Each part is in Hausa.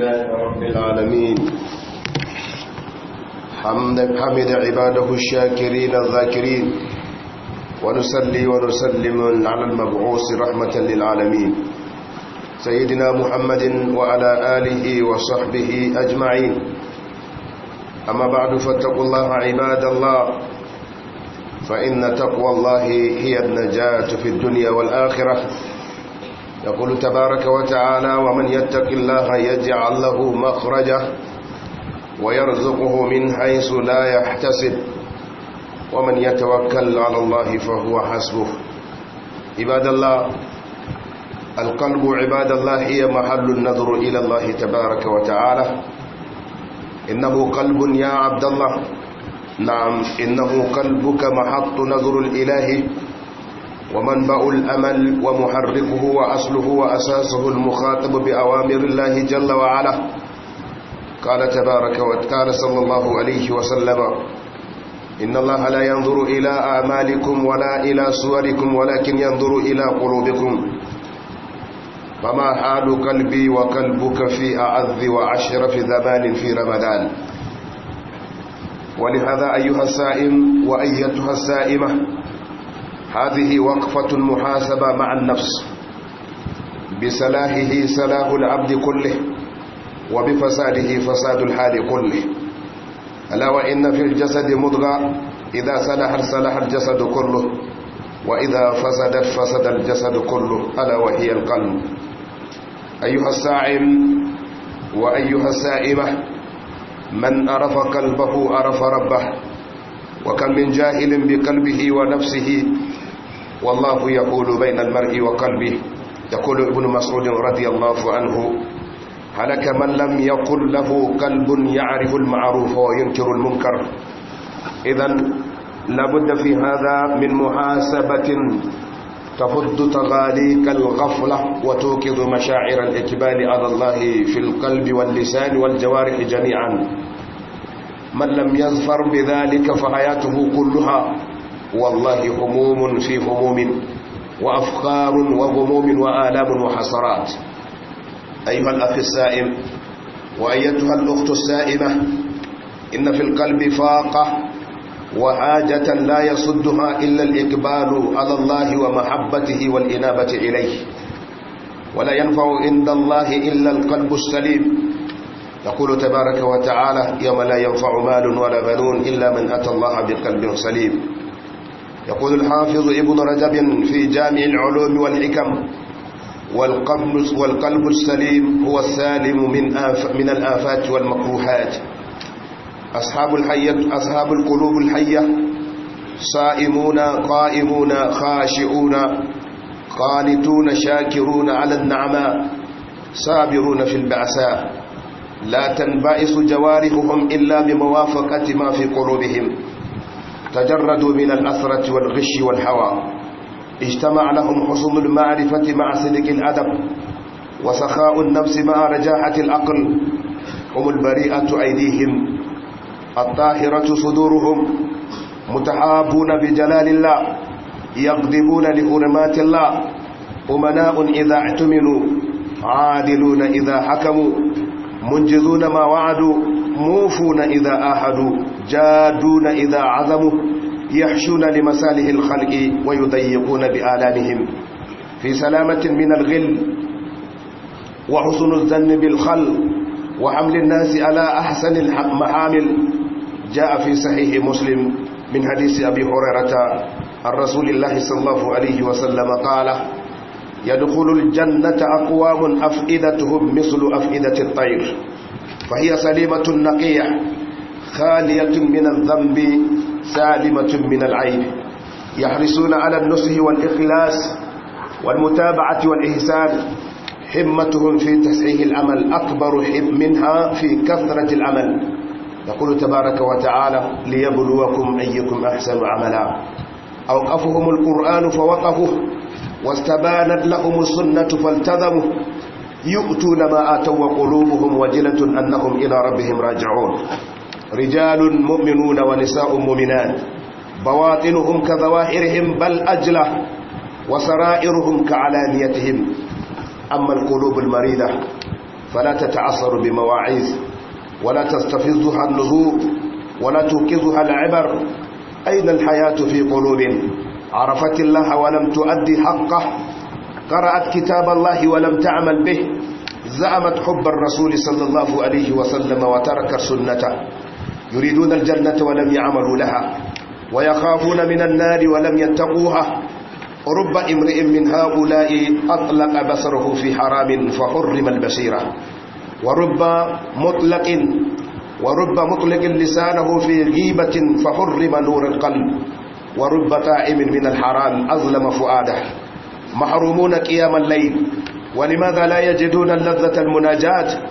لله رب العالمين حمد حمد عباده الشاكرين الذاكرين ونصلي ونسلم على المبعوث رحمة للعالمين سيدنا محمد وعلى آله وصحبه أجمعين أما بعد فاتقوا الله عباد الله فإن تقوى الله هي النجاة في الدنيا والآخرة يقول تبارك وتعالى ومن يتق الله يجعل له مخرجه ويرزقه من حيث لا يحتسب ومن يتوكل على الله فهو حسبه عباد الله القلب عباد الله هي محل النظر إلى الله تبارك وتعالى إنه قلب يا عبد الله نعم إنه قلبك محط نظر الإله ومنبع الأمل ومحركه وأصله وأساسه المخاطب بأوامر الله جل وعلا قال تبارك وتعالى صلى الله عليه وسلم إن الله لا ينظر إلى أعمالكم ولا إلى صوركم ولكن ينظر إلى قلوبكم فما حال قلبي وقلبك في أعذ في ذبان في رمضان ولهذا أيها السائم وأيتها السائمة هذه وقفة محاسبة مع النفس بسلاحه سلاح العبد كله وبفساده فساد الحال كله ألا وإن في الجسد مضغة إذا سلحت سلح الجسد كله وإذا فسدت فسد الجسد كله ألا وهي القلب أيها الساعم وأيها السائمة من أرف قلبه أرف ربه وكم من جاهل بقلبه ونفسه والله يقول بين المرء وقلبه يقول ابن مسعود رضي الله عنه هلك من لم يقل له قلب يعرف المعروف وينكر المنكر إذا لابد في هذا من محاسبة تفض تغاليك الغفلة وتوقظ مشاعر الإقبال على الله في القلب واللسان والجوارح جميعا من لم يظفر بذلك فحياته كلها والله هموم في هموم وأفكار وغموم وآلام وحسرات أيها الأخ السائم وأيتها الأخت السائمة إن في القلب فاقة وحاجة لا يصدها إلا الإقبال على الله ومحبته والإنابة إليه ولا ينفع عند الله إلا القلب السليم يقول تبارك وتعالى يوم لا ينفع مال ولا بنون إلا من أتى الله بقلب سليم يقول الحافظ ابن رجب في جامع العلوم والحكم والقلب السليم هو السالم من آف من الآفات والمكروهات أصحاب الحية أصحاب القلوب الحية صائمون قائمون خاشعون قانتون شاكرون على النعماء صابرون في البعثاء لا تنبعث جوارحهم إلا بموافقة ما في قلوبهم تجردوا من الأسرة والغش والهوى اجتمع لهم حصول المعرفة مع صدق الأدب وسخاء النفس مع رجاحة العقل هم البريئة أيديهم الطاهرة صدورهم متحابون بجلال الله يقدمون لحرمات الله أمناء إذا اعتملوا عادلون إذا حكموا منجزون ما وعدوا موفون إذا أحدوا جادون إذا عظموا يحشون لمساله الخلق ويضيقون بآلامهم في سلامة من الغل وحسن الظن بالخلق وحمل الناس على أحسن المحامل جاء في صحيح مسلم من حديث أبي هريرة الرسول رسول الله صلى الله عليه وسلم قال يدخل الجنة أقوام أفئدتهم مثل أفئدة الطير فهي سليمة نقية خالية من الذنب سالمة من العيب يحرصون على النصح والإخلاص والمتابعة والإحسان همتهم في تسعيه العمل أكبر منها في كثرة العمل يقول تبارك وتعالى ليبلوكم أيكم أحسن عملا أوقفهم القرآن فوقفوه واستبانت لهم السنة فالتزموا يؤتون ما آتوا وقلوبهم وجلة أنهم إلى ربهم راجعون رجال مؤمنون ونساء مؤمنات بواطنهم كظواهرهم بل أجلة وسرائرهم كعلانيتهم أما القلوب المريضة فلا تتعصر بمواعيز ولا تستفزها النزوء ولا توقظها العبر أين الحياة في قلوب عرفت الله ولم تؤدي حقه قرأت كتاب الله ولم تعمل به زعمت حب الرسول صلى الله عليه وسلم وترك سنته يريدون الجنة ولم يعملوا لها ويخافون من النار ولم يتقوها رب امرئ من هؤلاء أطلق بصره في حرام فحرم البشيرة ورب مطلق ورب مطلق لسانه في غيبة فحرم نور القلب ورب تائم من الحرام أظلم فؤاده محرومون قيام الليل ولماذا لا يجدون اللذة المناجاة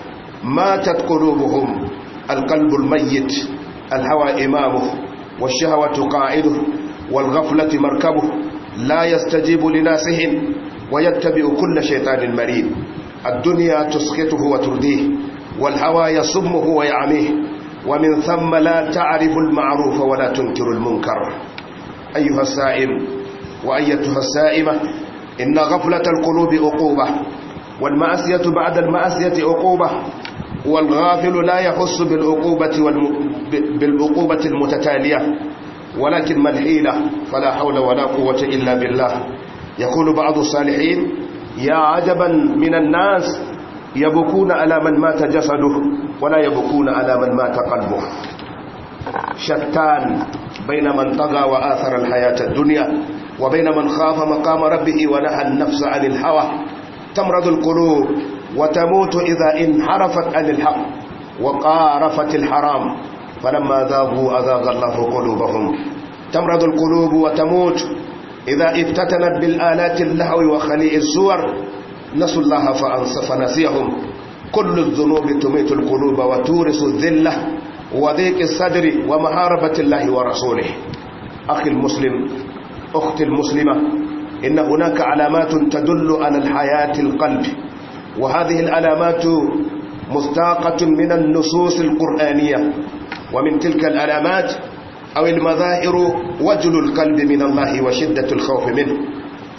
ماتت قلوبهم القلب الميت الهوى إمامه والشهوة قاعده والغفلة مركبه لا يستجيب لناسهم ويتبع كل شيطان مريد الدنيا تسخطه وترديه والهوى يصمه ويعميه ومن ثم لا تعرف المعروف ولا تنكر المنكر أيها السائم وأيتها السائمة إن غفلة القلوب عقوبة والمعصية بعد المعصية عقوبة والغافل لا يحس بالعقوبة والم... بالعقوبة المتتالية ولكن ما الحيلة فلا حول ولا قوة إلا بالله يقول بعض الصالحين يا عجبا من الناس يبكون على من مات جسده ولا يبكون على من مات قلبه شتان بين من طغى وآثر الحياة الدنيا وبين من خاف مقام ربه ونهى النفس عن الهوى تمرض القلوب وتموت إذا انحرفت عن الحق وقارفت الحرام فلما ذابوا أذاغ الله قلوبهم تمرض القلوب وتموت إذا افتتنت بالآلات اللهو وخليء الزور نسوا الله فأنصف نسيهم كل الذنوب تميت القلوب وتورس الذلة وذيك الصدر ومحاربة الله ورسوله أخي المسلم أختي المسلمة إن هناك علامات تدل على الحياة القلب وهذه العلامات مستاقة من النصوص القرآنية ومن تلك العلامات أو المظاهر وجل القلب من الله وشدة الخوف منه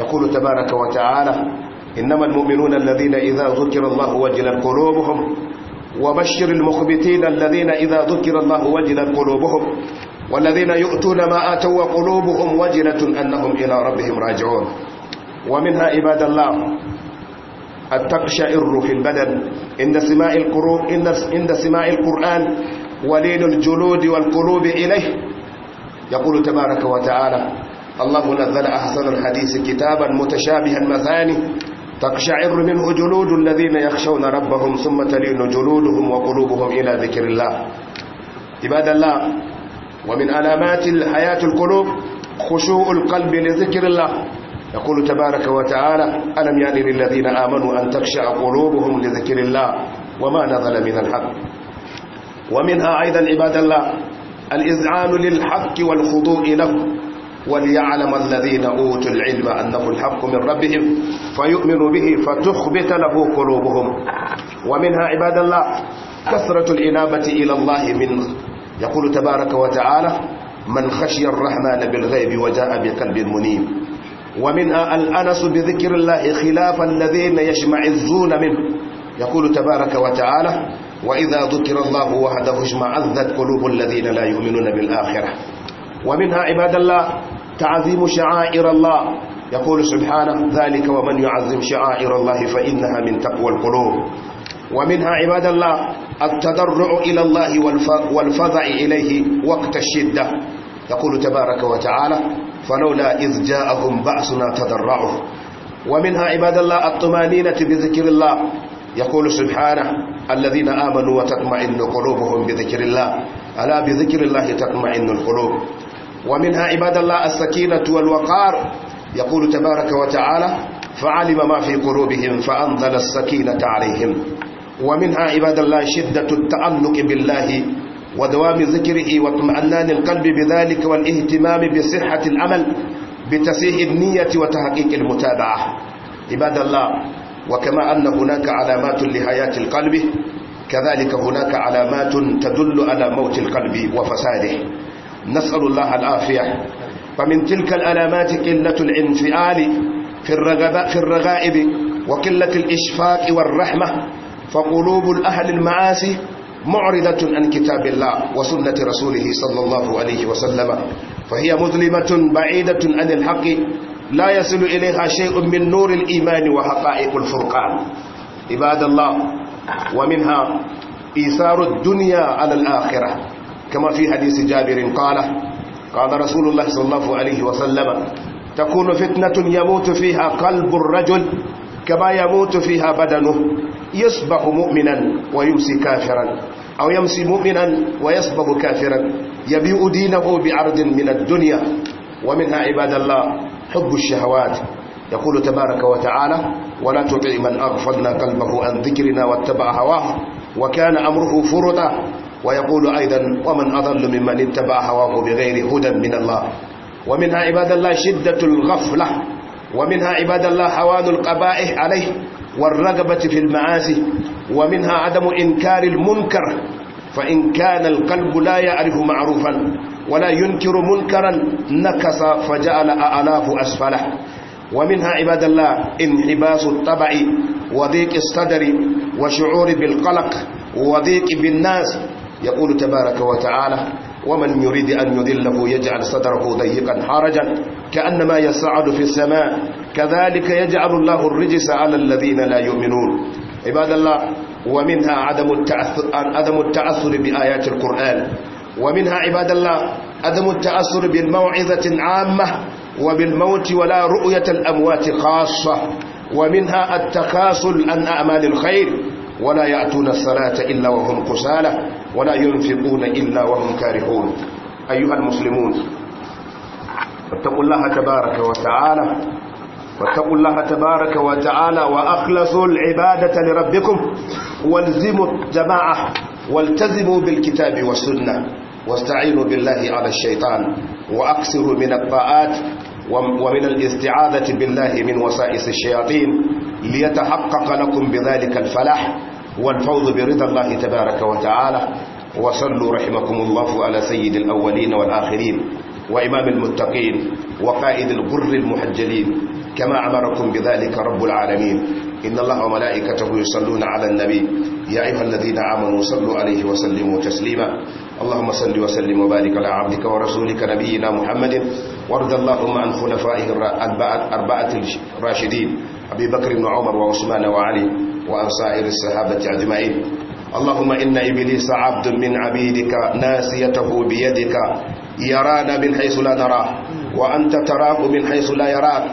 يقول تبارك وتعالى إنما المؤمنون الذين إذا ذكر الله وجل قلوبهم وبشر المخبتين الذين إذا ذكر الله وجل قلوبهم والذين يؤتون ما آتوا وقلوبهم وجلة أنهم إلى ربهم راجعون ومنها عباد الله التقشعر في البدن عند سماع القرآن عند سماء القرآن ولين الجلود والقلوب إليه يقول تبارك وتعالى الله نزل أحسن الحديث كتابا متشابها مثاني تقشعر منه جلود الذين يخشون ربهم ثم تلين جلودهم وقلوبهم إلى ذكر الله عباد الله ومن علامات الحياة القلوب خشوع القلب لذكر الله يقول تبارك وتعالى ألم يعني للذين آمنوا أن تخشع قلوبهم لذكر الله وما نزل من الحق ومنها أيضا عباد الله الإذعان للحق والخضوع له وليعلم الذين أوتوا العلم أنه الحق من ربهم فيؤمنوا به فتخبت له قلوبهم ومنها عباد الله كثرة الإنابة إلى الله من يقول تبارك وتعالى من خشي الرحمن بالغيب وجاء بقلب منيب ومن الأنس بذكر الله خلاف الذين يشمعزون منه يقول تبارك وتعالى وإذا ذكر الله وحده اشمعزت قلوب الذين لا يؤمنون بالآخرة ومنها عباد الله تعظيم شعائر الله يقول سبحانه ذلك ومن يعظم شعائر الله فإنها من تقوى القلوب ومنها عباد الله التضرع إلى الله والفظع إليه وقت الشدة يقول تبارك وتعالى فلولا إذ جاءهم بأسنا تضرعوا ومنها عباد الله الطمانينة بذكر الله يقول سبحانه الذين آمنوا وتطمئن قلوبهم بذكر الله ألا بذكر الله تطمئن القلوب ومنها عباد الله السكينة والوقار يقول تبارك وتعالى فعلم ما في قلوبهم فأنزل السكينة عليهم ومنها عباد الله شدة التعلق بالله ودوام ذكره واطمئنان القلب بذلك والاهتمام بصحة العمل بتسيح النية وتحقيق المتابعة عباد الله وكما أن هناك علامات لحياة القلب كذلك هناك علامات تدل على موت القلب وفساده نسأل الله العافية فمن تلك العلامات قلة الانفعال في, في الرغائب وقلة الإشفاق والرحمة فقلوب الأهل المعاصي معرضة عن كتاب الله وسنة رسوله صلى الله عليه وسلم فهي مظلمة بعيدة عن الحق لا يصل إليها شيء من نور الإيمان وحقائق الفرقان عباد الله ومنها إيثار الدنيا على الآخرة كما في حديث جابر قال قال رسول الله صلى الله عليه وسلم تكون فتنة يموت فيها قلب الرجل كما يموت فيها بدنه يصبح مؤمنا ويمسي كافرا أو يمسي مؤمنا ويصبح كافرا يبيء دينه بعرض من الدنيا ومنها عباد الله حب الشهوات يقول تبارك وتعالى ولا تطع من أغفلنا قلبه عن ذكرنا واتبع هواه وكان أمره فرطا ويقول أيضا ومن أضل ممن اتبع هواه بغير هدى من الله ومنها عباد الله شدة الغفلة ومنها عباد الله حوان القبائح عليه والرغبة في المعاصي ومنها عدم إنكار المنكر فإن كان القلب لا يعرف معروفا ولا ينكر منكرا نكس فجعل ألاف أسفله ومنها عباد الله انحباس الطبع وضيق الصدر وشعور بالقلق وضيق بالناس يقول تبارك وتعالى ومن يريد أن يذله يجعل صدره ضيقا حرجا كأنما يصعد في السماء كذلك يجعل الله الرجس على الذين لا يؤمنون عباد الله ومنها عدم التأثر, عدم التأثر بآيات القرآن ومنها عباد الله عدم التأثر بالموعظة العامة وبالموت ولا رؤية الأموات خاصة ومنها التكاسل عن أعمال الخير ولا يأتون الصلاة إلا وهم قسالة ولا ينفقون إلا وهم كارهون أيها المسلمون فاتقوا الله تبارك وتعالى فاتقوا الله تبارك وتعالى وأخلصوا العبادة لربكم والزموا الجماعة والتزموا بالكتاب والسنة واستعينوا بالله على الشيطان وأكسروا من الطاعات ومن الاستعاذة بالله من وسائس الشياطين ليتحقق لكم بذلك الفلاح والفوز برضا الله تبارك وتعالى وصلوا رحمكم الله على سيد الأولين والآخرين وإمام المتقين وقائد الغر المحجلين كما أمركم بذلك رب العالمين إن الله وملائكته يصلون على النبي يا أيها الذين آمنوا صلوا عليه وسلموا تسليما اللهم صل وسلم وبارك على عبدك ورسولك نبينا محمد وارض اللهم عن خلفائه أربعة الراشدين أبي بكر بن عمر وعثمان وعلي وعن سائر الصحابة أجمعين اللهم إن إبليس عبد من عبيدك ناسيته بيدك يرانا من حيث لا نراه وأنت تراه من حيث لا يراك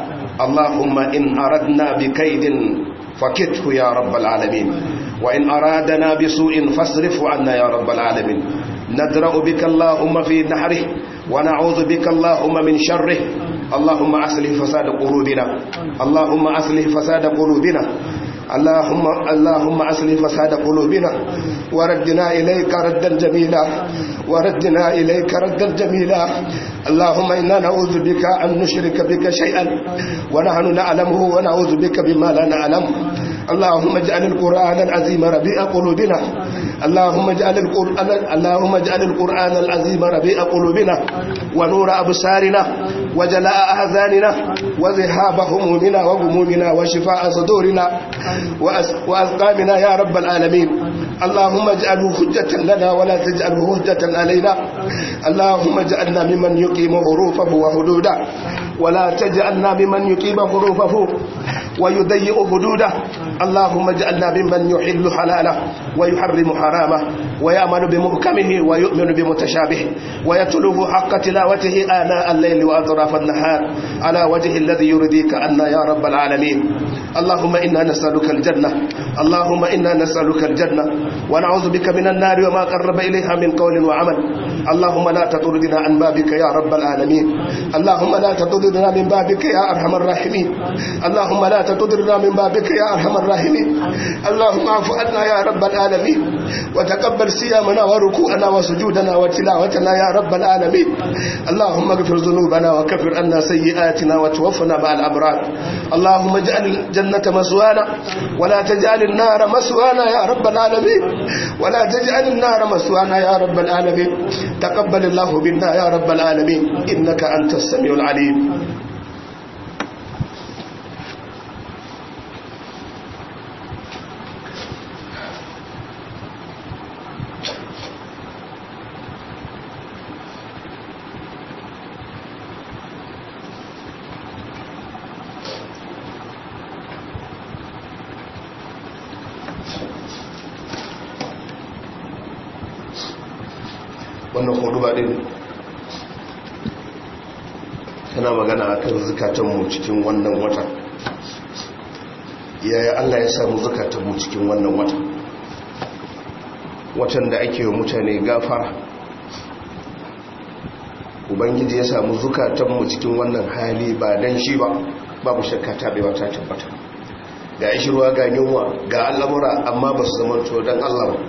اللهم إن أردنا بكيد فكته يا رب العالمين وإن أرادنا بسوء فاصرفه عنا يا رب العالمين ندرأ بك اللهم في نحره ونعوذ بك اللهم من شره اللهم أصلح فساد قلوبنا اللهم أصلح فساد قلوبنا اللهم اللهم اصلح فساد قلوبنا وردنا اليك ردا جميلا وردنا اليك ردا جميلا اللهم انا نعوذ بك ان نشرك بك شيئا ونحن نعلمه ونعوذ بك بما لا نعلمه اللهم اجعل القرآن العظيم ربيع قلوبنا اللهم اجعل القرآن اللهم اجعل القرآن العظيم ربيع قلوبنا ونور أبصارنا وجلاء أذاننا وذهاب همومنا وغمومنا وشفاء صدورنا وأسقامنا يا رب العالمين اللهم اجعله حجة لنا ولا تجعله هجة علينا اللهم اجعلنا ممن يقيم حروفه وحدوده ولا تجعلنا ممن يقيم ظروفه ويضيق حدوده اللهم اجعلنا ممن يحل حلاله ويحرم حرامه ويأمن بمحكمه ويؤمن بمتشابهه ويتلف حق تلاوته آناء الليل وأطراف النهار على وجه الذي يرضيك عنا يا رب العالمين اللهم إنا نسألك الجنة اللهم إنا نسألك الجنة ونعوذ بك من النار وما قرب إليها من قول وعمل اللهم لا تطردنا عن بابك يا رب العالمين اللهم لا تطردنا من بابك يا أرحم الراحمين اللهم لا تطردنا من بابك يا أرحم الراحمين اللهم اعف عنا يا رب العالمين وتقبل صيامنا وركوعنا وسجودنا وتلاوتنا يا رب العالمين اللهم اغفر ذنوبنا وكفر عنا سيئاتنا وتوفنا مع الأبرار اللهم اجعل الجنة مسوانا ولا تجعل النار مسوانا يا رب العالمين ولا تجعل النار مسوانا يا رب العالمين تقبل الله منا يا رب العالمين إنك أنت السميع العليم tana magana akan zukatanmu cikin wannan wata yaya Allah ya samu zukatanmu cikin wannan wata watan da ake wa mutane gafara ubangiji ya samu zukatanmu cikin wannan hali ba don shi ba babu shakka ta bai wata tabbata ga ruwa ga yunwa ga al'amura amma ba su zama to don Allah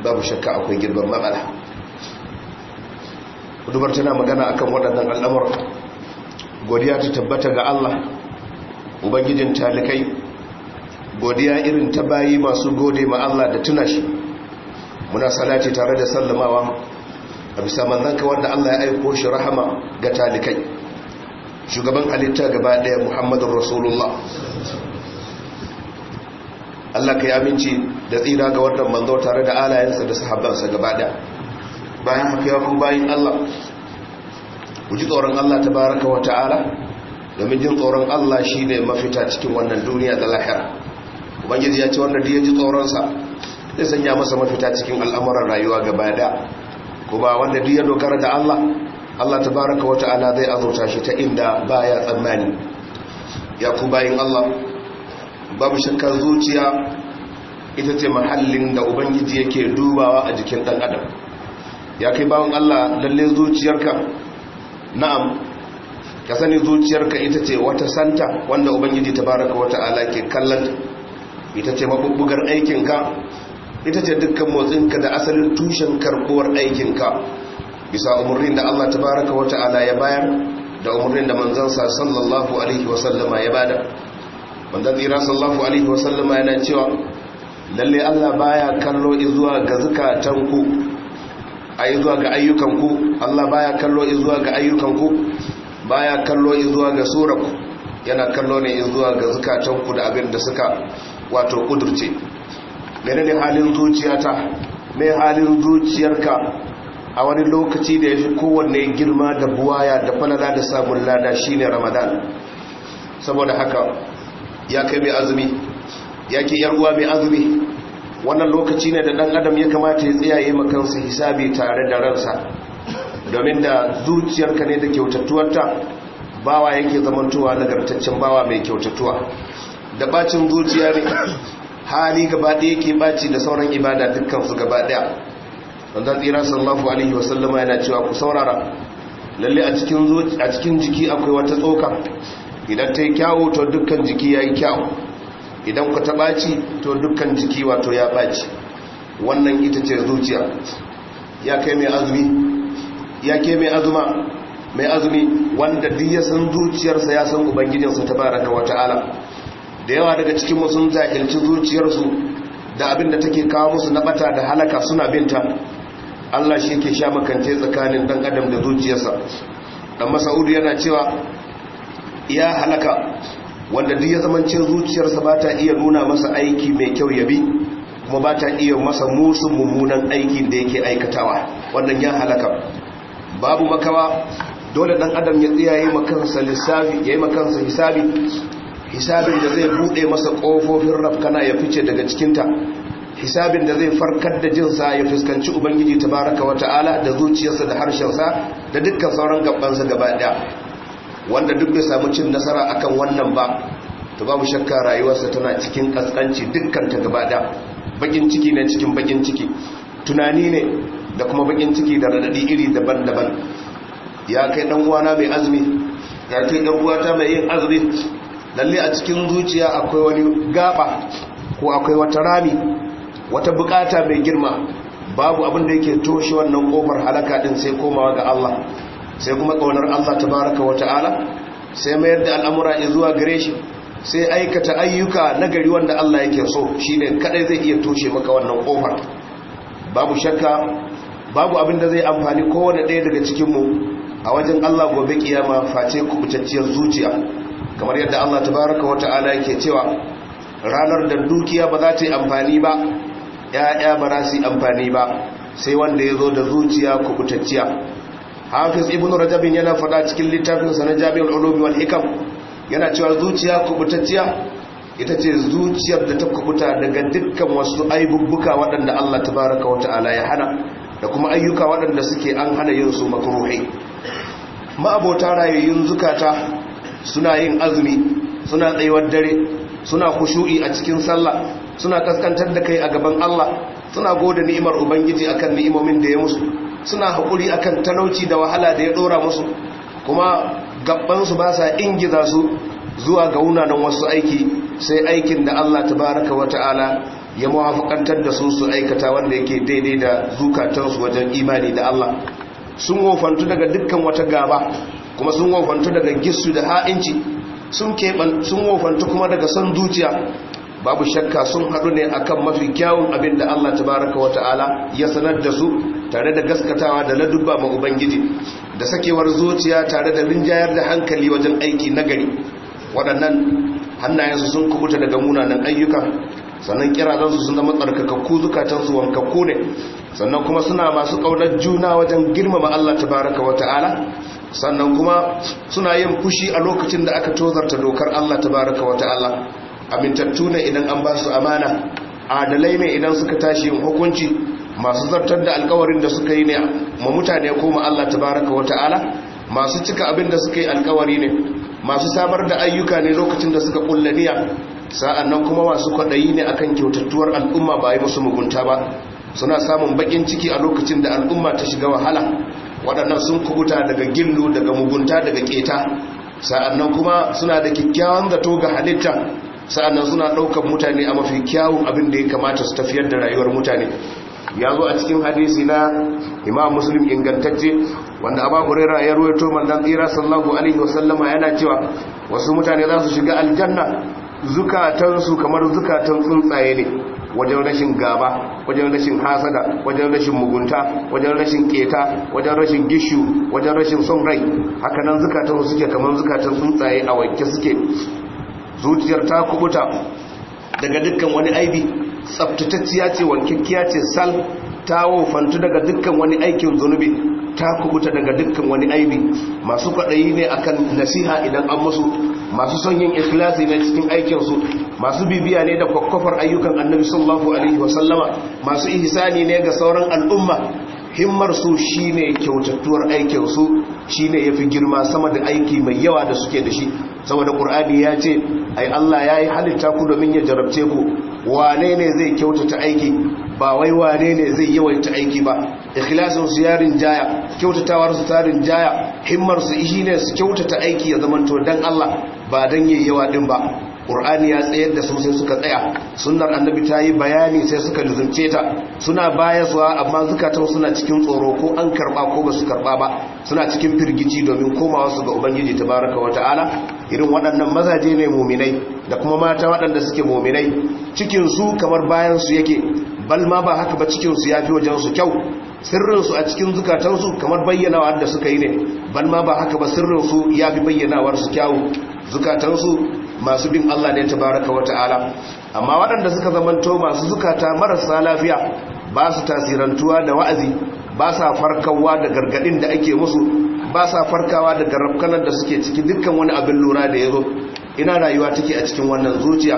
babu shakka akwai girban matsala dubar tana magana akan waɗannan al'amura godiya ta tabbata ga Allah ubangijin talikai godiya irin ta bayi masu gode ma Allah da tuna shi muna salati tare da sallamawa a bisa manzanka wanda Allah ya aiko shi rahama ga talikai shugaban halitta gaba daya muhammadu Rasulullah Allah ka yi aminci da tsira ga wannan manzo tare da alayensa da sahabbansa gaba daya bayan haka ya bayin Allah ku ji tsoron Allah baraka wa ta'ala domin jin tsoron Allah shi ne mafita cikin wannan duniya da lahira ubangiji ya ce wanda da ya ji tsoron sa zai sanya masa mafita cikin al'amuran rayuwa gaba da ba wanda duk ya dogara da Allah Allah tabaraka wa ta'ala zai azurta shi ta inda baya tsammani ya ku bayin Allah babu shakkar zuciya ita ce mahallin da ubangiji yake dubawa a jikin dan adam ya kai bawon Allah lalle zuciyarka na'am ka sani zuciyarka ita ce wata santa wanda ubangiji tabaraka wa ta'ala ke kallon ita ce mabubbugar aikinka ita ce dukkan motsinka da asalin tushen karbuwar aikinka bisa umarnin da Allah tabaraka wa ta'ala ya bayar da umarnin da manzansa sallallahu alaihi wa sallama ya bada Wannan tsira sallallahu alaihi wa sallama yana cewa lalle Allah baya kallo zuwa ga zukatan a zuwa ga ayyukanku Allah baya kallo yi zuwa ga ayyukanku baya kallo yi zuwa ga suraku yana kallo ne zuwa ga zukatanku da abin da suka wato kudurce mene ne halin zuciyata mai halin zuciyarka a wani lokaci da ya fi kowanne girma da buwaya da falala da samun lada shine ramadan saboda haka ya kai mai azumi ya ke yarwa mai azumi wannan lokaci ne da ɗan adam ya kamata ya tsayaye makansa hisabi tare da ransa domin da zuciyarka ne da kyautattuwarta bawa yake zamantowa nagartaccen bawa mai kyautattuwa da bacin zuciya ne hali gaba ɗaya yake baci da sauran ibada dukkansu gaba ɗaya wanda tsira sallallahu alaihi wasallama yana cewa ku saurara lalle a cikin jiki akwai wata tsoka idan ta yi kyawo to dukkan jiki ya yi kyawo. idan ka ta ɓaci to dukkan jiki wato ya ɓaci wannan ita ce zuciya ya kai mai azumi ya ke mai azuma mai azumi wanda duk ya san zuciyarsa ya san ubangijinsa ta wata ala, da yawa daga cikin mu sun jahilci zuciyarsu da abin da take kawo musu na bata da halaka suna binta Allah shi ke sha makance tsakanin dan adam da zuciyarsa dan masaudu yana cewa ya halaka wanda duk ya zamancin zuciyarsa ba ta iya nuna masa aiki mai kyau yabi kuma ba ta iya masa musu mummunan aiki da yake aikatawa wannan ya halaka babu makawa dole dan adam ya tsiyaye makansa lissafi yi makansa hisabi hisabin da zai buɗe masa kofofin rafkana ya fice daga cikinta hisabin da zai farkar da jinsa ya fuskanci ubangiji tabaraka wata'ala da zuciyarsa da harshensa da dukkan sauran gabansa gaba ɗaya wanda duk bai samu cin nasara akan wannan ba to babu shakka rayuwarsa tana cikin kaskanci dukkan ta gaba da bakin ciki ne cikin bakin ciki tunani ne da kuma bakin ciki da radadi iri daban-daban ya kai dan uwana mai azumi ya kai dan uwata mai yin azumi lalle a cikin zuciya akwai wani gaba ko akwai wata rami wata bukata mai girma babu abin da yake toshe wannan kofar halaka din sai komawa ga Allah sai kuma kaunar Allah tabaraka wa ta'ala sai mayar da al'amura zuwa gare shi sai aikata ayyuka na gari wanda Allah yake so shine kadai zai iya toshe maka wannan kofar babu shakka babu abin da zai amfani kowane ɗaya daga cikin mu a wajen Allah gobe kiyama face kubutacciyar zuciya kamar yadda Allah tabaraka wa ta'ala yake cewa ranar da dukiya ba za ta yi amfani ba ya'ya ba za su yi amfani ba sai wanda ya zo da zuciya kubutacciya hafiz ibn rajabin yana fada cikin littafinsa na jami'ul ulumi wal yana cewa zuciya kubutacciya ita ce zuciyar da ta kubuta daga dukkan wasu aibubbuka waɗanda Allah tabaraka wa ta'ala ya hana da kuma ayyuka waɗanda suke an hana yin su makruhi ma'abota rayayyun zukata suna yin azumi suna tsayuwar dare suna kushu'i a cikin sallah suna kaskantar da kai a gaban Allah suna gode ni'imar ubangiji akan ni'imomin da ya musu suna haƙuri akan talauci da wahala da ya ɗora musu kuma gabansu ba sa ingiza su zuwa ga wunanan wasu aiki sai aikin da Allah baraka wa ta'ala ya mawafakantar da su su aikata wanda yake daidai da zukatansu wajen imani da Allah sun wofantu daga dukkan wata gaba kuma sun wofantu daga gissu da ha'inci sun keɓan sun wofantu kuma daga son zuciya babu shakka sun haɗu ne akan mafi kyawun abin da Allah tabaraka wa ta'ala ya sanar da su tare da gaskatawa da ladubba ma ubangiji da sakewar zuciya tare da rinjayar da hankali wajen aiki nagari waɗannan hannayensu sun kubuta daga munanan ayyuka sannan kirazansu sun zama tsarkakakku zukatansu wankakku ne sannan kuma suna masu ƙaunar juna wajen girmama Allah tabaraka wa sannan kuma suna yin fushi a lokacin da aka tozarta dokar Allah tabaraka wa ta'ala amintattu ne idan an ba su amana adalai ne idan suka tashi yin hukunci masu zartar da alkawarin da suka yi ne ma mutane ko ma Allah tabaraka wata'ala masu cika abin da suka yi alkawari ne masu samar da ayyuka ne lokacin da suka kulla niya sa'an nan kuma masu kwaɗayi ne akan kyautattuwar al'umma ba yi musu mugunta ba suna samun bakin ciki a lokacin da al'umma ta shiga wahala waɗannan sun kubuta daga gillu daga mugunta daga ƙeta sa'an nan kuma suna da kyakkyawan zato ga halitta sa'an nan suna ɗaukar mutane a mafi kyawun abin da ya kamata su tafiyar da rayuwar mutane ya zo a cikin hadisi na imam muslim ingantacce wanda abu raira ya ruwaito manzon tsira sallahu alaihi wasallama yana cewa wasu mutane za su shiga aljanna zukatansu kamar zukatan tsuntsaye ne wajen rashin gaba wajen rashin hasada wajen rashin mugunta wajen rashin keta wajen rashin gishu wajen rashin son rai hakanan zukatan suke kamar zukatan tsuntsaye a wanke suke zuciyar ta kubuta daga dukkan wani aibi tsabtatacciya ce wankakkiya ce sal ta wofantu daga dukkan wani aikin zunubi ta kubuta daga dukkan wani aibi masu kwaɗayi ne akan nasiha idan an musu masu son yin ikhlasi ne cikin aikinsu masu bibiya ne da kwakwafar ayyukan annabi sallallahu alaihi wasallama masu ihsani ne ga sauran al'umma himmar su ne kyautattuwar aikinsu shi ne ya fi girma sama da aiki mai yawa da suke da shi saboda ƙur'ani ya ce ai Allah ya yi halitta ku domin ya jarabce ku wane ne zai kyautata aiki ba wai wane ne zai yawaita aiki ba ikhlasin su yarin jaya kyautatawar su tarin jaya himmar su ishi ne su kyautata aiki ya zamanto dan Allah ba dan yawa din ba Qur'ani ya tsayar da su sai suka tsaya sunnar annabi ta yi bayani sai suka lizumce ta suna bayaswa amma zukatan suna cikin tsoro ko an karba ko ba su karba ba suna cikin firgici domin komawa su ga ubangiji tabaraka wa ta'ala irin waɗannan mazaje ne muminai da kuma mata waɗanda suke muminai cikinsu kamar bayansu yake bal ma ba haka ba cikinsu ya fi wajensu kyau sirrinsu a cikin zukatansu kamar bayyanawa da suka yi ne bal ma ba haka ba sirrinsu ya fi su kyawu zukatansu masu bin Allah ne tabaraka wa ta'ala amma waɗanda suka zamanto masu zukata marasa lafiya ba su tasirantuwa da wa'azi ba sa farkawa da gargadin da ake musu ba sa farkawa daga rafkanar da suke ciki dukkan wani abin lura da ya zo ina rayuwa take a cikin wannan zuciya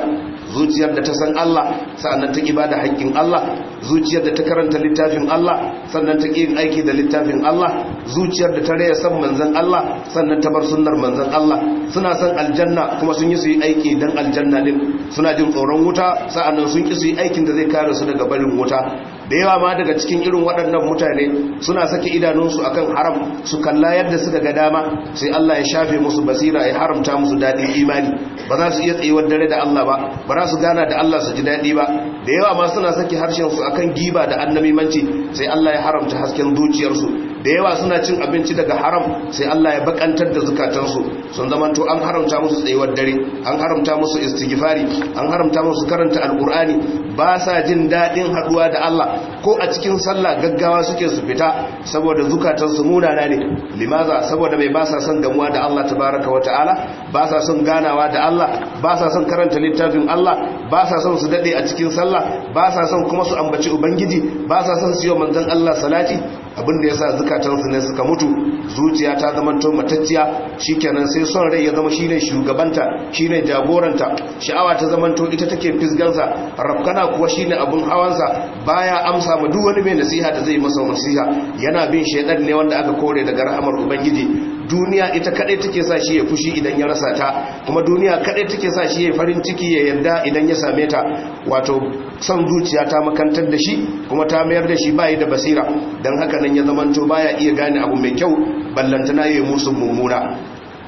zuciyar da ta san Allah sannan ta ibada haƙƙin Allah zuciyar da ta karanta littafin Allah sannan ta yin aiki da littafin Allah zuciyar da ta raya san manzon Allah sannan ta bar sunnar manzon Allah suna san aljanna kuma sun yi su yi aiki dan aljanna din suna jin tsoron wuta sa'annan sun ki yi aikin da zai kare su daga barin wuta da yawa ma daga cikin irin waɗannan mutane suna sake idanunsu akan haram su kalla yadda suka ga dama sai Allah ya shafe musu basira ya haramta musu daɗin imani ba za su iya tsayuwar dare da Allah ba ba za su gana da Allah su ji daɗi ba da yawa ma suna sake harshensu akan giba da annabimanci sai Allah ya haramta hasken zuciyarsu da yawa suna cin abinci daga haram sai Allah ya bakantar da zukatansu sun zamanto an haramta musu tsayuwar dare an haramta musu istighfari an haramta musu karanta alkur'ani ba sa jin daɗin haɗuwa da Allah ko a cikin sallah gaggawa suke su fita saboda zukatansu munana ne limaza saboda bai ba sa son gamuwa da Allah tabaraka wa ta'ala ba sa son ganawa da Allah ba sa son karanta littafin Allah ba sa son su daɗe a cikin sallah ba sa son kuma su ambaci ubangiji ba sa son su yi manzon Allah salati abinda sa zukatansu ne suka mutu zuciya ta zama to matacciya shikenan sai son rai ya zama shine shugabanta shine jagoranta sha'awa ta zama to ita take fisgansa rafkana kuwa shine abun hawansa baya amsa ma duk wani mai nasiha da zai masa nasiha yana bin shedan ne wanda aka kore daga rahamar ubangiji duniya ita kadai take sa shi ya fushi idan ya rasa ta kuma duniya kadai take sa shi ya farin ciki ya yarda idan ya same ta wato son zuciya ta makantar da shi kuma ta mayar da shi bayi da basira don haka nan ya zamanto baya iya gane abu mai kyau ballantana ya yi musu mummuna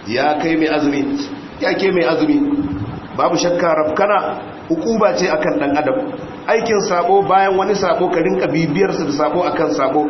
ya kai mai azumi ya ke mai azumi babu shakka rafkana hukuba ce akan dan adam aikin sabo bayan wani sabo ka rinka bibiyar su da sabo akan sabo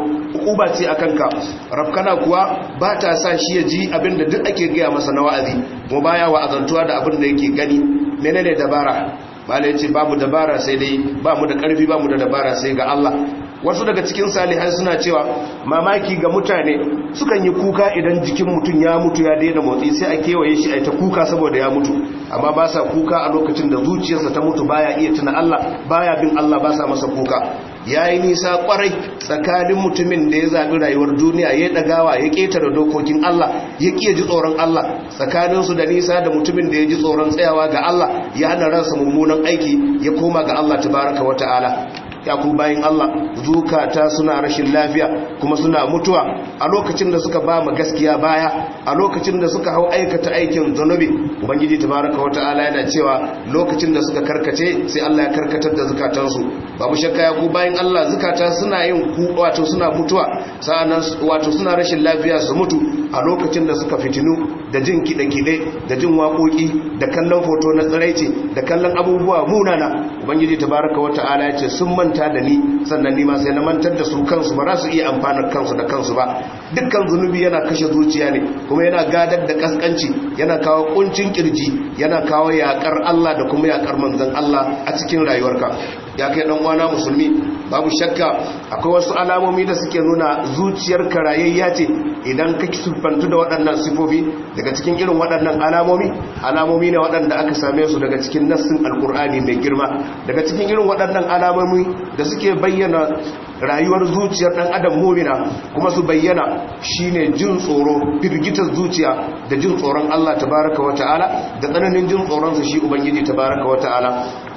uba ce akan ka rafkana kuwa ba ta sa shi ya ji abin da duk ake gaya masa na wa'azi mu baya wa azantuwa da abin da yake gani menene dabara malai ce babu dabara sai dai ba mu da karfi ba mu da dabara sai ga Allah wasu daga cikin salihai suna cewa mamaki ga mutane sukan yi kuka idan jikin mutum ya mutu ya daina motsi sai a kewaye shi a ta kuka saboda ya mutu amma ba sa kuka a lokacin da zuciyarsa ta mutu baya iya tuna Allah baya bin Allah ba sa masa kuka Ya yi nisa kwarai tsakanin mutumin da ya zaɓi rayuwar duniya ya ɗagawa ya da dokokin Allah ya kiye ji tsoron Allah tsakaninsu da nisa da mutumin da ya ji tsoron tsayawa ga Allah ya hana ransa mummunan aiki ya koma ga Allah tabaraka wataala ya ku bayin Allah zukata suna rashin lafiya kuma suna mutuwa a lokacin da suka ba mu gaskiya baya a lokacin da suka hau aikata aikin zanubi ubangiji tabaraka wa ta'ala yana cewa lokacin da suka karkace sai Allah ya karkatar da zukatansu babu shakka ya ku bayan Allah zukata suna yin ku wato suna mutuwa sa'annan wato suna rashin lafiya su mutu a lokacin da suka fitinu da jin kide-kide da jin waƙoƙi da kallon foto na tsiraici da kallon abubuwa munana ubangiji tabaraka wa ta'ala ya ce sun manta da ni sannan ni ma sai na mantar da su kansu ba za su iya amfana kansu da kansu ba dukkan zunubi yana kashe zuciya ne kuma yana gadar da kaskanci yana kawo kuncin cikin kirji yana kawo yakar Allah da kuma yakar manzon Allah a cikin rayuwarka ya kai dan uwana musulmi babu shakka akwai wasu alamomi da suke nuna zuciyar karayayya ce idan ka sufantu da waɗannan sifofi daga cikin irin waɗannan alamomi alamomi ne waɗanda aka same su daga cikin nassin alkur'ani mai girma daga cikin irin waɗannan alamomi da suke bayyana rayuwar zuciyar dan adam mumina kuma su bayyana shine jin tsoro firgitar zuciya da jin tsoron Allah tabaraka wa ta'ala da tsananin jin tsoron sa shi ubangiji tabaraka wa ta'ala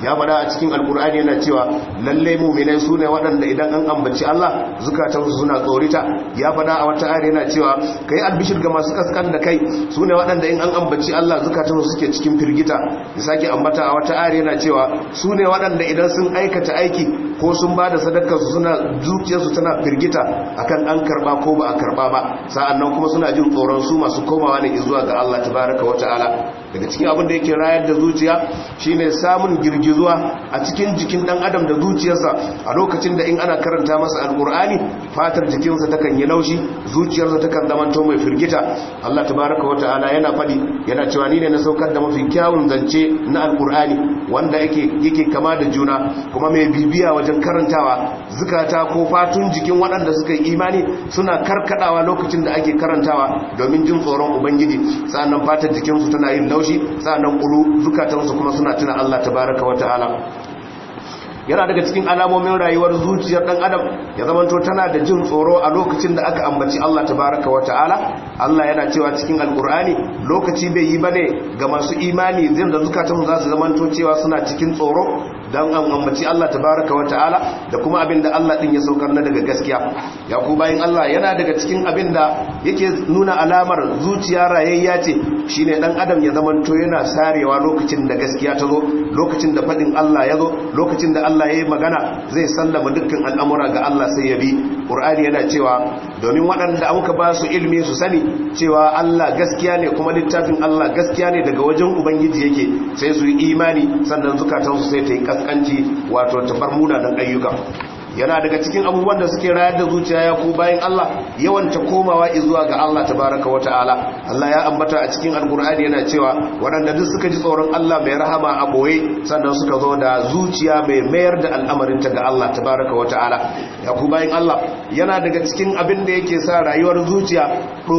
ya bada a cikin alkur'ani yana cewa lalle muminai sune waɗanda idan an ambaci Allah zukatansu suna tsorita ya bada a wata ayar yana cewa kai albishir ga masu kaskan da kai sune waɗanda in an ambaci Allah zukatansu suke cikin firgita ya sake ambata a wata ayar yana cewa sune waɗanda idan sun aikata aiki ko sun ba da sadakarsu suna zuciyarsu tana firgita akan an karba ko ba a karba ba sa'annan kuma suna jin tsoron su masu komawa ne zuwa ga Allah tabaraka wa ta'ala daga cikin abin da yake rayar da zuciya shine samun girgizuwa a cikin jikin dan adam da zuciyarsa a lokacin da in ana karanta masa alkur'ani fatar jikinsa takan yi laushi zuciyarsa takan zamanto mai firgita Allah tabaraka wa yana fadi yana cewa ni ne na saukar da mafi kyawun zance na alkur'ani wanda yake yake kama da juna kuma mai bibiya wajen karantawa zukata ko fatun jikin waɗanda suka yi imani suna karkadawa lokacin da ake karantawa domin jin tsoron ubangiji sannan fatar jikinsu tana yin laushi taushi sa'annan kulu zukatansu kuma suna tuna Allah tabaraka wa ta'ala yana daga cikin alamomin rayuwar zuciyar dan adam ya zamanto tana da jin tsoro a lokacin da aka ambaci Allah tabaraka wa ta'ala Allah yana cewa cikin alkur'ani lokaci bai yi bane ga masu imani zai da zukatan za su zamanto cewa suna cikin tsoro don an ambaci Allah tabaraka wa ta'ala da kuma abin da Allah din ya saukar na daga gaskiya ya ku bayin Allah yana daga cikin abin da yake nuna alamar zuciya rayayya ce shine dan adam ya zama to yana sarewa lokacin da gaskiya ta zo lokacin da faɗin Allah ya zo lokacin da Allah ya yi magana zai sallama dukkan al'amura ga Allah sai ya bi qur'ani yana cewa domin waɗanda an ka ba su ilimi su sani cewa Allah gaskiya ne kuma littafin Allah gaskiya ne daga wajen ubangiji yake sai su yi imani sannan zukatansu sai ta yi kaskanci wato tabar munanan ayyuka yana daga cikin abubuwan da suke rayar da zuciya ya ku bayan Allah yawan ta komawa zuwa ga Allah tabaraka wata'ala Allah ya ambata a cikin alkur'ani yana cewa waɗanda duk suka ji tsoron Allah mai rahama a boye sannan suka zo da zuciya mai mayar da al'amarinta ga Allah tabaraka wata'ala ya ku bayan Allah yana daga cikin abin da yake sa rayuwar zuciya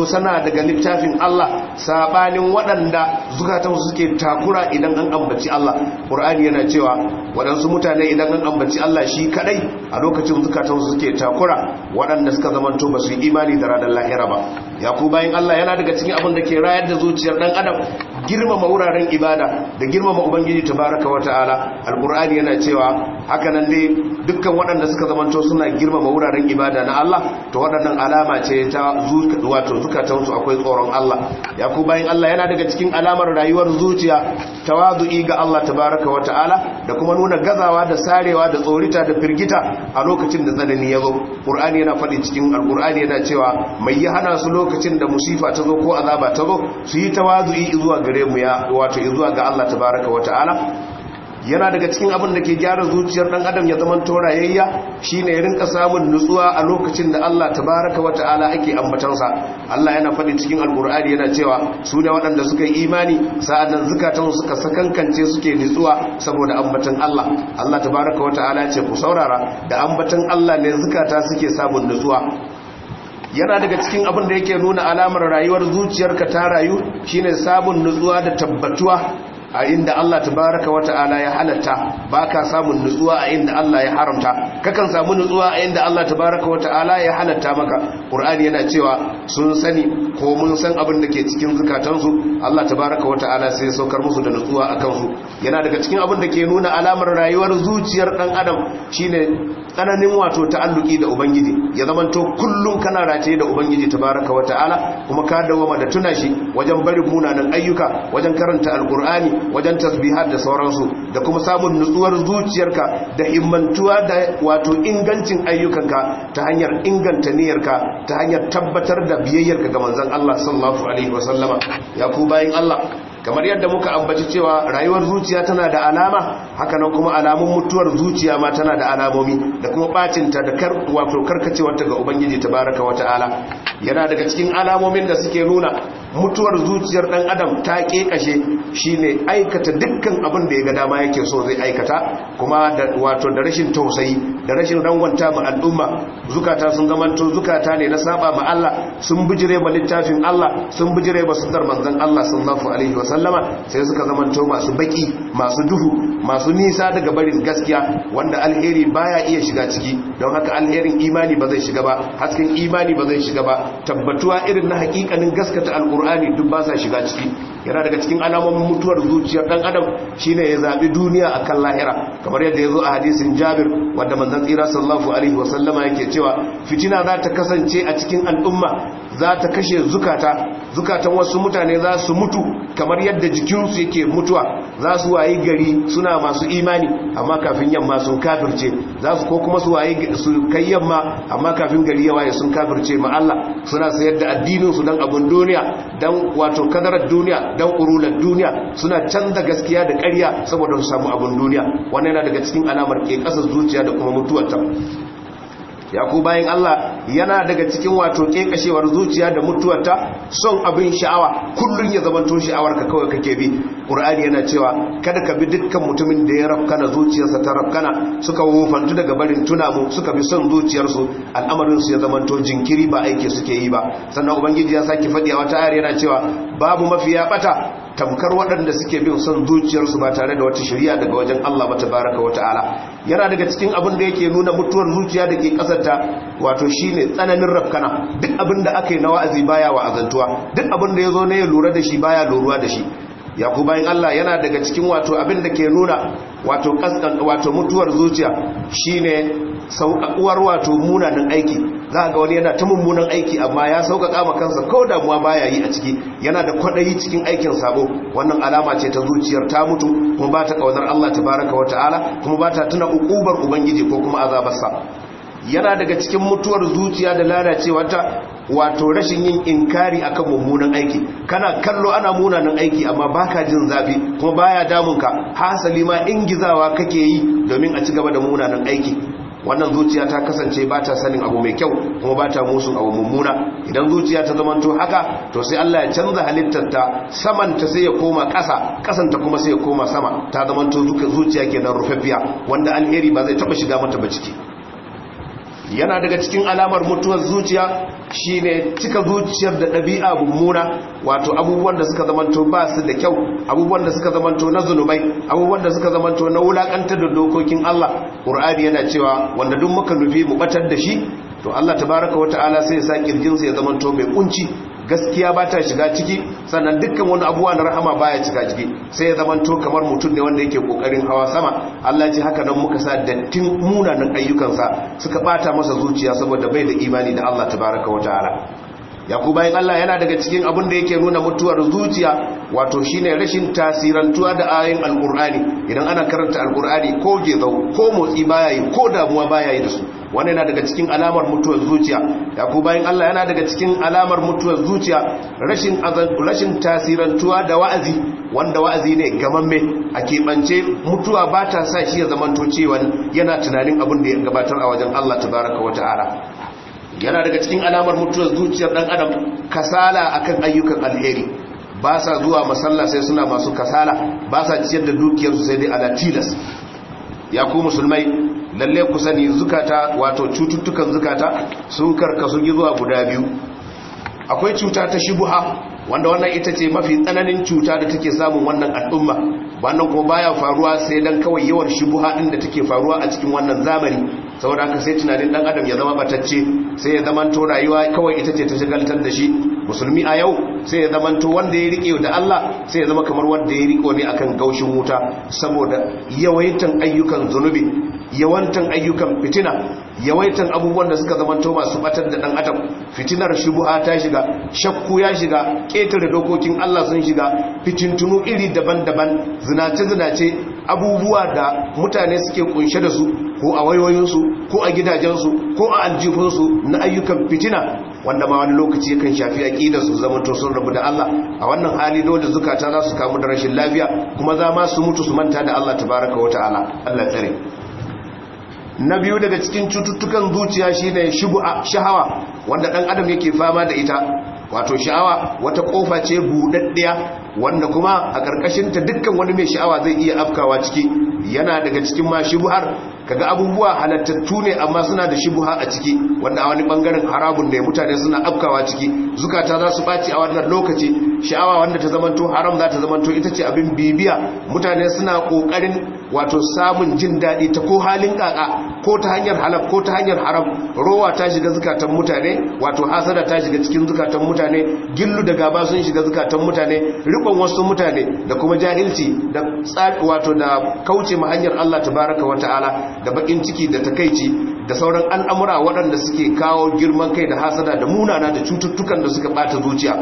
sana daga littafin Allah sabanin waɗanda zukatan suke takura idan an ambaci Allah Qur'ani yana cewa waɗansu mutane idan an ambaci Allah shi kadai lokacin zukatan suke takura waɗanda suka zamanto ba su yi imani da ranar lahira ba ya ku bayan Allah yana daga cikin abin da ke rayar da zuciyar dan adam girmama wuraren ibada da girmama ubangiji tabaraka wa ta'ala alqur'ani yana cewa haka nan dai dukkan waɗanda suka zamanto suna girmama wuraren ibada na Allah to waɗannan alama ce ta zuciya wato wuce akwai tsoron Allah ya ku bayan Allah yana daga cikin alamar rayuwar zuciya tawazu'i ga Allah tabaraka wa ta'ala da kuma nuna gazawa da sarewa da tsorita da firgita a lokacin da tsanani ya zo qur'ani yana faɗi cikin alqur'ani yana cewa mai yi hana su lokacin lokacin da musifa ta zo ko azaba ta zo su yi tawazu'i zuwa gare mu ya wato zuwa ga Allah tabaraka wata'ala yana daga cikin abin da ke gyara zuciyar dan adam ya zama torayayya shine ya rinka samun nutsuwa a lokacin da Allah tabaraka wa ta'ala ake ambatansa Allah yana faɗi cikin alkur'ani yana cewa su ne waɗanda suka yi imani sa'adan zukatan suka sakankance suke nutsuwa saboda ambatan Allah Allah tabaraka wa ta'ala ce ku saurara da ambatan Allah ne zukata suke samun nutsuwa yana daga cikin abin da yake nuna alamar rayuwar zuciyarka ta rayu shine sabon nutsuwa da tabbatuwa a inda Allah tabaraka wata'ala ya halatta baka samun nutsuwa a inda Allah ya haramta kakan samu nutsuwa a inda Allah tabaraka wata'ala ya halatta maka Qur'ani yana cewa sun sani ko mun san abin da ke cikin zukatansu Allah tabaraka wata'ala sai ya saukar musu da nutsuwa a kansu yana daga cikin abin da ke nuna alamar rayuwar zuciyar ɗan adam shine tsananin wato ta'alluki da ubangiji ya zama to kullum kana rataye da ubangiji tabaraka wa ta'ala kuma ka dawama da tuna shi wajen barin munanan ayyuka wajen karanta alkur'ani wajen tasbihar da sauransu da kuma samun nutsuwar zuciyarka da himmantuwa da wato ingancin ayyukanka ta hanyar inganta niyyarka ta hanyar tabbatar da biyayyarka ga manzon Allah sallallahu alaihi wasallama ya ku bayin Allah kamar yadda muka ambaci cewa rayuwar zuciya tana da alama hakanan kuma alamun mutuwar zuciya ma tana da alamomi da kuma bacinta da wato karkacewarta ga ubangiji ta baraka tabaraka ta'ala yana daga cikin alamomin da suke nuna mutuwar zuciyar dan adam ta kekashe shine aikata dukkan abin da ya ga dama yake so zai aikata kuma da wato da rashin tausayi da rashin rangwanta ma al'umma zukata sun zamanto zukata ne na saba ma Allah sun bijire ma littafin Allah sun bijire ma sunnar manzon Allah sallallahu alaihi wasallama sai suka zama masu baki masu duhu masu nisa daga barin gaskiya wanda alheri baya iya shiga ciki don haka alherin imani ba zai shiga ba hasken imani ba zai shiga ba tabbatuwa irin na hakikanin gaskata alkur'ani duk ba sa shiga ciki yana daga cikin alamomin mutuwar zuciyar dan adam shine ya zabi duniya akan lahira kamar yadda yazo a hadisin Jabir wanda manzon tsira sallallahu alaihi wasallama yake cewa fitina za ta kasance a cikin al'umma za ta kashe zukata zukatan wasu mutane za su mutu kamar yadda jikinsu yake mutuwa za su wayi gari suna masu imani amma kafin yamma sun kafirce za su ko kuma su waye su kai yamma amma kafin gari ya waye sun kafirce ma Allah suna sayar da addinin su dan abun duniya dan wato kadarar duniya dan urulan duniya suna canza gaskiya da ƙarya saboda su samu abun duniya wannan yana daga cikin alamar ke kasar zuciya da kuma mutuwar ta ya ku bayan Allah yana daga cikin wato kekashewar zuciya da mutuwarta son abin sha'awa kullum ya zamanto sha'awar ka kawai kake bi qur'ani yana cewa kada ka bi dukkan mutumin da ya rafkana zuciyarsa ta rafkana suka wufantu daga barin tuna mu suka bi son zuciyarsu al'amarin su ya zamanto jinkiri ba aiki suke yi ba sannan ubangiji ya saki faɗi a wata ayar yana cewa babu mafiya bata tamkar waɗanda suke bin son zuciyarsu ba tare da wata shari'a daga wajen Allah ba tabaraka wa ta'ala yana daga cikin abin da yake nuna mutuwar zuciya da ke kasanta wato shi ne tsananin rafkana duk abin da aka yi na wa'azi baya wa'azantuwa duk abin da ya zo na ya lura da shi baya loruwa da shi ya ku bayan Allah yana daga cikin wato abin da ke nuna wato kaskan wato mutuwar zuciya shine sauƙaƙuwar wato munanan aiki za ga wani yana ta mummunan aiki amma ya sauƙaƙa ma kansa ko damuwa baya yi a ciki yana da kwaɗayi cikin aikin sabo wannan alama ce ta zuciyar ta mutu kuma ba ta ƙaunar Allah tabaraka wa ta'ala kuma ba ta tuna uƙubar ubangiji ko kuma azabarsa yana daga cikin mutuwar zuciya da lalacewa ta wato rashin yin inkari akan mummunan aiki kana kallo ana munanan aiki amma baka jin zafi kuma baya damun damunka hasali ma gizawa kake yi domin a ci gaba da munanan aiki wannan zuciya ta kasance ba ta sanin abu mai kyau kuma ba ta musun abu mummuna idan zuciya ta zamanto haka to sai Allah ya canza halittarta ta sai ya koma ƙasa ƙasan ta kuma sai ya koma sama ta zamanto zuciya kenan rufaffiya wanda alheri ba zai taɓa shiga mata ba ciki yana daga cikin alamar mutuwar zuciya shine cika zuciyar da ɗabi'a mummuna wato abubuwan da suka zamanto ba su da kyau abubuwan da suka zamanto na zunubai abubuwan da suka zamanto na wulakantar da dokokin Allah Qur'ani yana cewa wanda duk muka nufi mu batar da shi to Allah tabaraka wata'ala sai ya sa kirjinsa ya zamanto mai kunci gaskiya ba ta shiga ciki sannan dukkan wani abuwa na rahama baya shiga ciki sai ya zama to kamar mutum ne wanda yake kokarin hawa sama Allah ji haka nan muka sa dattin munanan ayyukansa suka bata masa zuciya saboda bai da imani da Allah tabaraka ta'ala ya ku bayan Allah yana daga cikin abin da yake nuna mutuwar zuciya wato shi ne rashin tasirantuwa da ayin alkur'ani idan ana karanta alkur'ani ko gezau ko motsi bayayi ko damuwa bayayi da su Wani yana daga cikin alamar mutuwar zuciya ya bayan Allah yana daga cikin alamar mutuwar zuciya rashin tasirantuwa da wa'azi wanda wa'azi ne gamamme a keɓance mutuwa ba ta sa shi ya zamanto cewa yana tunanin abin da ya gabatar a wajen Allah ta baraka wata ara. yana daga cikin alamar mutuwar zuciyar dan adam kasala akan ayyukan alheri ba sa zuwa masalla sai suna masu kasala ba sa ciyar da dukiyar su sai dai ala tilas ya ku musulmai lalle ku sani zukata wato cututtukan zukata sun karkasu zuwa guda biyu akwai cuta ta shubuha wanda wannan ita ce mafi tsananin cuta da take samun wannan al'umma wannan kuma baya faruwa sai dan kawai yawan shubuha din da take faruwa a cikin wannan zamani saboda haka sai tunanin dan adam ya zama batacce sai ya zamanto rayuwa kawai ita ce ta shigaltar da shi musulmi a yau sai ya zamanto wanda ya riƙe da Allah sai ya zama kamar wanda ya riƙo ne akan gaushin wuta saboda yawaitan ayyukan zunubi yawantan ayyukan fitina yawaitan abubuwan da suka zamanto masu batar da dan adam fitinar shubuha ta shiga shakku ya shiga ketare dokokin Allah sun shiga fitintunu iri daban-daban zinace-zinace abubuwa da mutane suke kunshe da su ko a wayoyinsu ko a gidajensu ko a aljihunsu na ayyukan fitina wanda ma wani lokaci kan shafi aƙida su to sun rabu da Allah a wannan hali dole zukata za su kamu da rashin lafiya kuma za ma su mutu su manta da Allah tabaraka wa ta'ala Allah tsare na biyu daga cikin cututtukan zuciya shine a shahawa wanda dan adam yake fama da ita wato sha'awa wata kofa ce budaddiya wanda kuma a karkashin ta dukkan wani mai sha'awa zai iya afkawa ciki yana daga cikin ma kaga abubuwa halattattu ne amma suna da shubuha a ciki wanda a wani bangaren haramun ne mutane suna afkawa ciki zukata za su baci a wannan lokaci sha'awa wanda ta zamanto haram za ta zamanto ita ce abin bibiya mutane suna kokarin wato samun jin daɗi ta ko halin kaka ko ta hanyar halal ko ta hanyar haram rowa ta shiga zukatan mutane wato hasada ta shiga cikin zukatan mutane gillu da gaba sun shiga zukatan mutane rikon wasu mutane da kuma jahilci da wato da kauce ma hanyar Allah tabaraka wa ta'ala da bakin ciki da takaici da sauran al'amura waɗanda suke kawo girman kai da hasada da munana da cututtukan da suka ɓata zuciya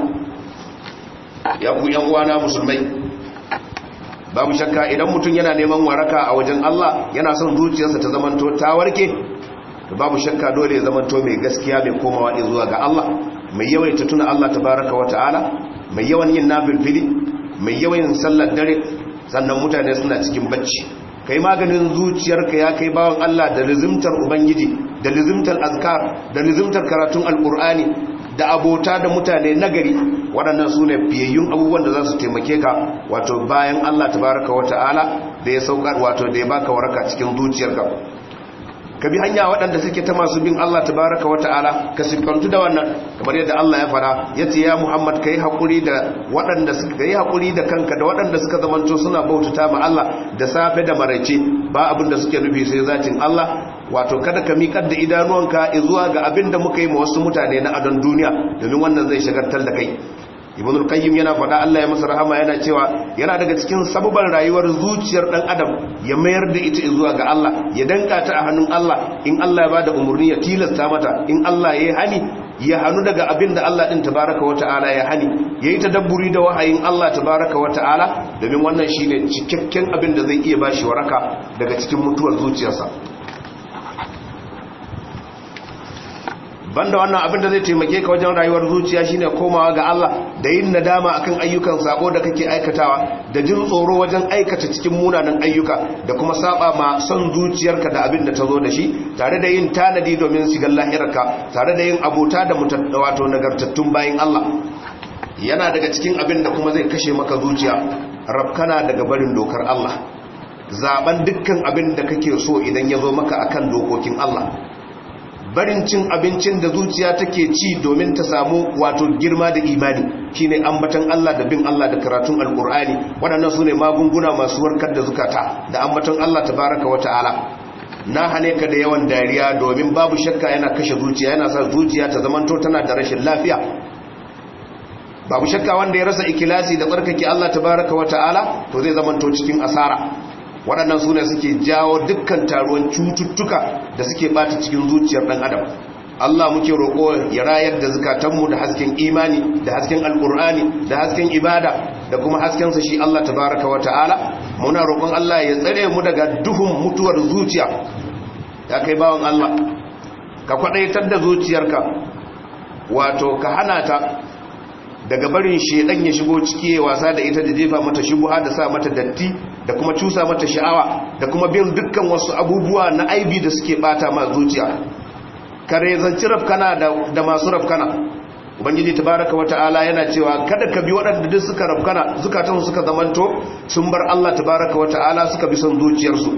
ya ku yan uwana musulmai babu shakka idan mutum yana neman waraka a wajen Allah yana son zuciyarsa ta zamanto ta warke babu shakka dole ya zamanto mai gaskiya mai komawa zuwa ga Allah mai ta tuna Allah tabaraka wa ta'ala mai yawan yin fili, mai yawan sallar dare sannan mutane suna cikin bacci kai maganin zuciyarka ya kai bawan Allah da rizimtar ubangiji da rizimtar azkar da lizimtar karatun alkur'ani da abota da mutane nagari waɗannan su ne fiyayyun abubuwan da za su taimake ka wato bayan Allah tabaraka ta'ala da ya sauƙar wato da ya baka waraka cikin zuciyarka ka bi hanya waɗanda suke ta masu bin Allah tabaraka wa ta'ala ka siffantu da wannan kamar yadda Allah ya fara ya ce ya Muhammad yi haƙuri da waɗanda suka yi haƙuri da kanka da waɗanda suka zamanto suna bautata ma Allah da safe da maraice ba abin da suke nufi sai zatin Allah wato kada ka miƙar da idanuwanka zuwa ga abin da muka yi ma wasu mutane na adon duniya domin wannan zai shagartar da kai ibn al-qayyim yana faɗa Allah ya masa rahama yana cewa yana daga cikin sababan rayuwar zuciyar dan adam ya mayar da ita zuwa ga Allah ya danka ta a hannun Allah in Allah ya bada umurni ya tilasta mata in Allah ya hani ya hanu daga abin da Allah din tabaraka wa ta'ala ya hani yayi tadabburi da wahayin Allah tabaraka wa ta'ala domin wannan shine cikakken abin da zai iya bashi waraka daga cikin mutuwar zuciyarsa banda wannan abin da zai taimake ka wajen rayuwar zuciya shine komawa ga Allah da yin nadama akan ayyukan sako da kake aikatawa da jin tsoro wajen aikata cikin munanan ayyuka da kuma saba ma son zuciyarka da abin da ta zo da shi tare da yin tanadi domin shigar lahirarka tare da yin abota da wato nagartattun bayan Allah yana daga cikin abin da kuma zai kashe maka zuciya rabkana daga barin dokar Allah zaben dukkan abin da kake so idan ya zo maka akan dokokin Allah barin cin abincin da zuciya take ci domin ta samu wato girma da imani shine ambatan Allah da bin Allah da karatun alkur'ani waɗannan sune magunguna masu warkar da zukata da ambatan Allah tabaraka wata'ala na hane ka da yawan dariya domin babu shakka yana kashe zuciya yana sa zuciya ta zamanto tana da rashin lafiya babu shakka wanda ya rasa ikilasi da tsarkake Allah ta baraka wata'ala to zai zamanto cikin asara waɗannan sune suke jawo dukkan taruwan cututtuka da suke ɓata cikin zuciyar ɗan adam Allah muke roƙo ya rayar da zukatanmu da hasken imani da hasken alƙur'ani da hasken ibada da kuma haskensa shi Allah tabaraka wa ta'ala muna roƙon Allah ya tsare mu daga duhun mutuwar zuciya ya kai bawan Allah ka kwaɗaitar da zuciyarka wato ka hana ta daga barin shedan ya shigo ciki ya wasa da ita da jefa mata shubuha da sa mata datti da kuma cusa mata sha'awa da kuma bin dukkan wasu abubuwa na aibi da suke bata ma zuciya kare zanci rafkana da masu rafkana ubangiji tabaraka wata'ala yana cewa kada ka bi waɗanda duk suka rafkana zukatansu suka zamanto sun bar Allah tabaraka wata'ala suka bi son zuciyarsu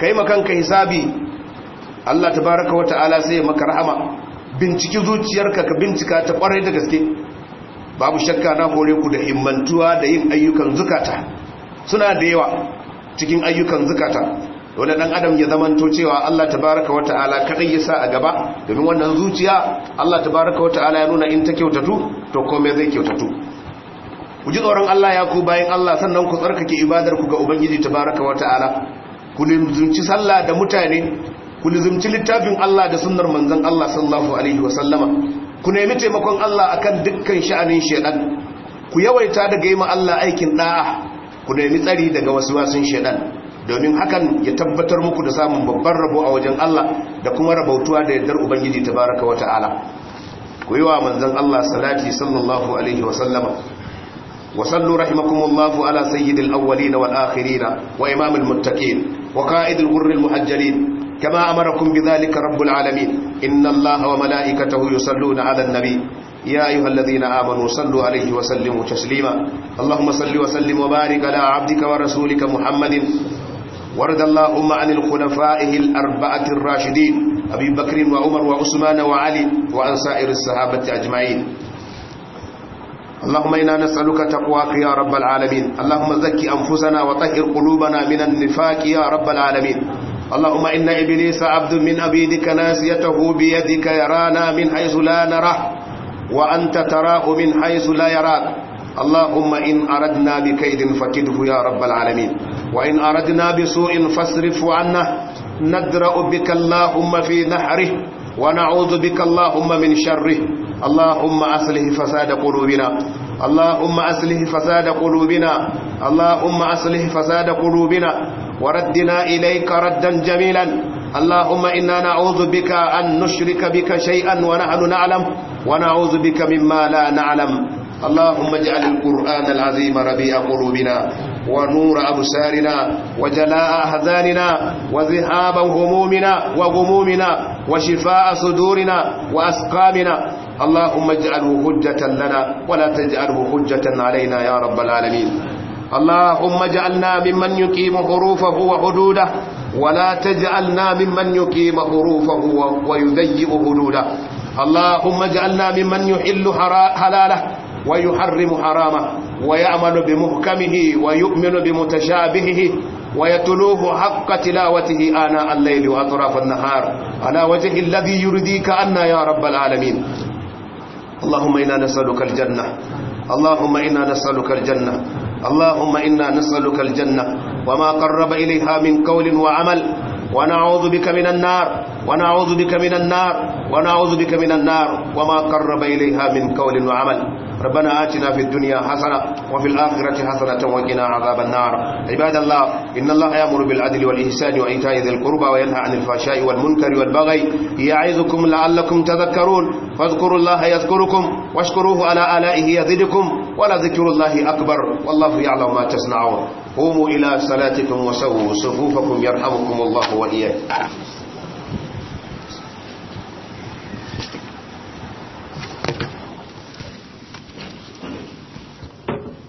kai makanka hisabi Allah tabaraka wata'ala sai maka rahama Bincike zuciyarka ka bincika ta kwarai da gaske babu shakka na kore ku da himmantuwa da yin ayyukan zukata suna da yawa cikin ayyukan zukata wanda dan adam ya zamanto cewa Allah tabaraka wa ta'ala kadai ya sa a gaba domin wannan zuciya Allah tabaraka wa ta'ala ya nuna in ta kyautatu to komai zai kyautatu ku ji tsoron Allah ya ku bayan Allah sannan ku tsarkake ibadar ku ga ubangiji tabaraka wa ta'ala ku lizumci sallah da mutane ku lizumci littafin Allah da sunnar manzon Allah sallallahu alaihi wa ku nemi taimakon Allah akan dukkan sha'anin shedan ku yawaita daga yi Allah aikin da'a ku nemi tsari daga wasu wasan shedan domin hakan ya tabbatar muku da samun babban rabo a wajen Allah da kuma rabautuwa da yardar ubangiji tabaraka wata'ala ku yi wa manzon Allah salati sallallahu alaihi wa sallama ala, رحمكم الله على wa الأولين والآخرين وإمام المتقين وقائد الغر muhajjalin. كما أمركم بذلك رب العالمين إن الله وملائكته يصلون على النبي يا أيها الذين آمنوا صلوا عليه وسلموا تسليما اللهم صل وسلم وبارك على عبدك ورسولك محمد ورد اللهم عن الخلفائه الأربعة الراشدين أبي بكر وعمر وعثمان وعلي وعن سائر الصحابة أجمعين اللهم إنا نسألك تقواك يا رب العالمين اللهم زكي أنفسنا وطهر قلوبنا من النفاق يا رب العالمين اللهم إن إبليس عبد من أبيدك ناسيته بيدك يرانا من حيث لا نراه وأنت تراه من حيث لا يراك اللهم إن أردنا بكيد فكده يا رب العالمين وإن أردنا بسوء فاصرف عنا ندرأ بك اللهم في نحره ونعوذ بك اللهم من شره اللهم أصله فساد قلوبنا اللهم أصله فساد قلوبنا اللهم أصله فساد قلوبنا وردنا إليك ردا جميلا اللهم إنا نعوذ بك أن نشرك بك شيئا ونحن نعلم ونعوذ بك مما لا نعلم اللهم اجعل القرآن العظيم ربيع قلوبنا ونور أبصارنا وجلاء أحزاننا وذهاب همومنا وغمومنا وشفاء صدورنا وأسقامنا اللهم اجعله حجة لنا ولا تجعله حجة علينا يا رب العالمين اللهم اجعلنا ممن يقيم حروفه وحدوده ولا تجعلنا ممن يقيم حروفه ويذيب حدوده اللهم اجعلنا ممن يحل حلاله ويحرم حرامه ويعمل بمحكمه ويؤمن بمتشابهه ويتلوه حق تلاوته آناء الليل وأطراف النهار على وجه الذي يرديك عنا يا رب العالمين اللهم إنا نسألك الجنة اللهم إنا نسألك الجنة اللهم إنا نسألك الجنة وما قرب إليها من قول وعمل ونعوذ بك من النار ونعوذ بك من النار ونعوذ بك من النار وما قرب إليها من قول وعمل ربنا آتنا في الدنيا حسنة وفي الآخرة حسنة وقنا عذاب النار عباد الله إن الله يأمر بالعدل والإحسان وإيتاء ذي القربى وينهى عن الفحشاء والمنكر والبغي يعظكم لعلكم تذكرون فاذكروا الله يذكركم واشكروه على آلائه يزدكم ولذكر الله أكبر والله يعلم ما تصنعون قوموا إلى صلاتكم وسووا صفوفكم يرحمكم الله وإياكم